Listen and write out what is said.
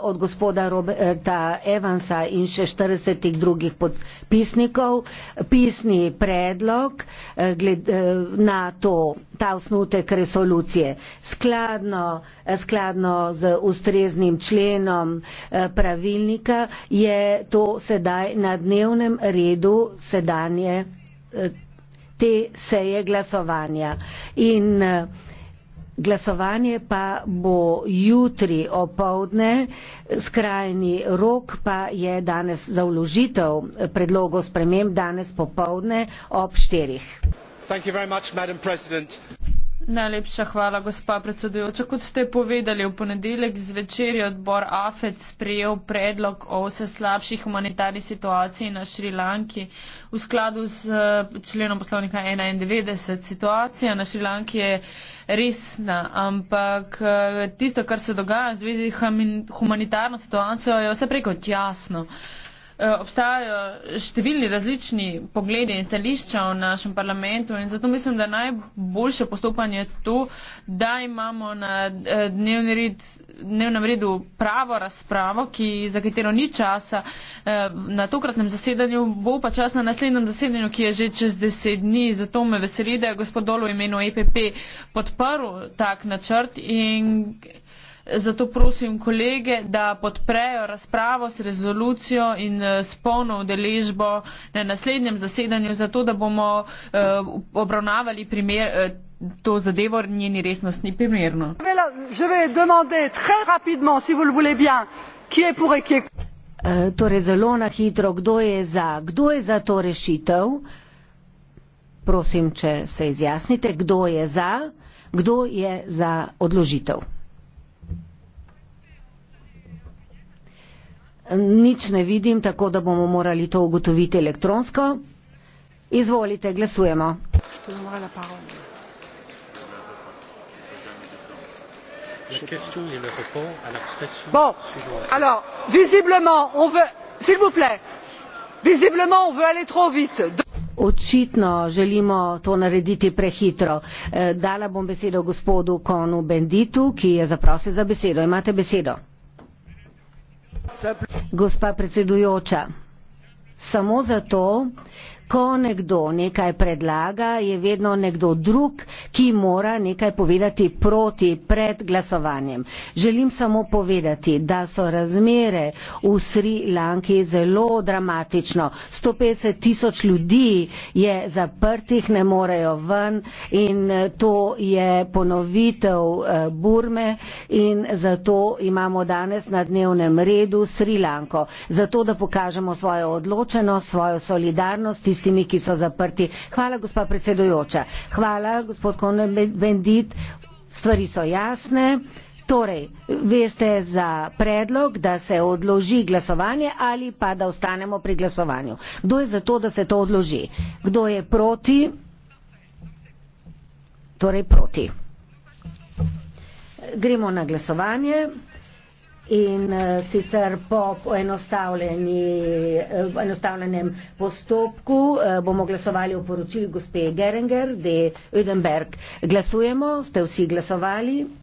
od gospoda Roberta Evansa in še 40 drugih podpisnikov pisni predlog eh, gled, eh, na to, ta osnutek resolucije. Skladno, eh, skladno z ustreznim členom pravilnika je to sedaj na dnevnem redu sedanje te seje glasovanja. In, Glasovanje pa bo jutri opovdne, skrajni rok pa je danes za vložitev predlogov sprememb danes popovdne ob štirih. Najlepša hvala, gospa predsedujoča. Kot ste povedali, v ponedeljek zvečer je odbor AFED sprejel predlog o vse slabši humanitarni situaciji na Šrilanki v skladu z eh, členom poslovnika 91. Situacija na Šrilanki je resna, ampak eh, tisto, kar se dogaja v zvezi z humanitarno situacijo, je vse preko jasno. Uh, Eh, obstajajo številni različni pogledi in stališča v našem parlamentu in zato mislim, da najboljše postopanje je to, da imamo na eh, red, dnevnem redu pravo razpravo, ki, za katero ni časa eh, na tokratnem zasedanju, bo pa čas na naslednjem zasedanju, ki je že čez deset dni. Zato me veseli, da je gospod Dolo v imenu EPP podprl tak načrt in Zato prosim kolege, da podprejo razpravo s rezolucijo in eh, s polno udeležbo na naslednjem zasedanju, zato da bomo eh, obravnavali primer, eh, to zadevo in njeni resnostni primerno. Torej zelo na hitro, kdo je za, kdo je za to rešitev? Prosim, če se izjasnite, kdo je za, kdo je za odložitev. nič ne vidim, tako da bomo morali to ugotoviti elektronsko. Izvolite, glasujemo. Bon, alors, visiblement, on veut, s'il vous plaît, visiblement, on veut aller trop vite. Očitno želimo to narediti prehitro. Eh, dala bom besedo gospodu Konu Benditu, ki je zaprosil za besedo. Imate besedo. Gospa predsedujoča, samo zato, ko nekdo nekaj predlaga, je vedno nekdo drug, ki mora nekaj povedati proti pred glasovanjem. Želim samo povedati, da so razmere v Sri Lanki zelo dramatično. 150 tisoč ljudi je zaprtih, ne morejo ven in eh, to je ponovitev eh, Burme in zato imamo danes na dnevnem redu Sri Lanko. Zato, da pokažemo svojo odločenost, svojo solidarnost, tistimi, ki so zaprti. Hvala, gospa predsedujoča. Hvala, gospod Kone Bendit. Stvari so jasne. Torej, veste za predlog, da se odloži glasovanje ali pa da ostanemo pri glasovanju. Kdo je za to, da se to odloži? Kdo je proti? Torej, proti. Gremo na glasovanje in uh, sicer po eh, enostavljenem uh, postopku uh, bomo glasovali o poročilu gospe Geringer de Ödenberg. Glasujemo, ste vsi glasovali.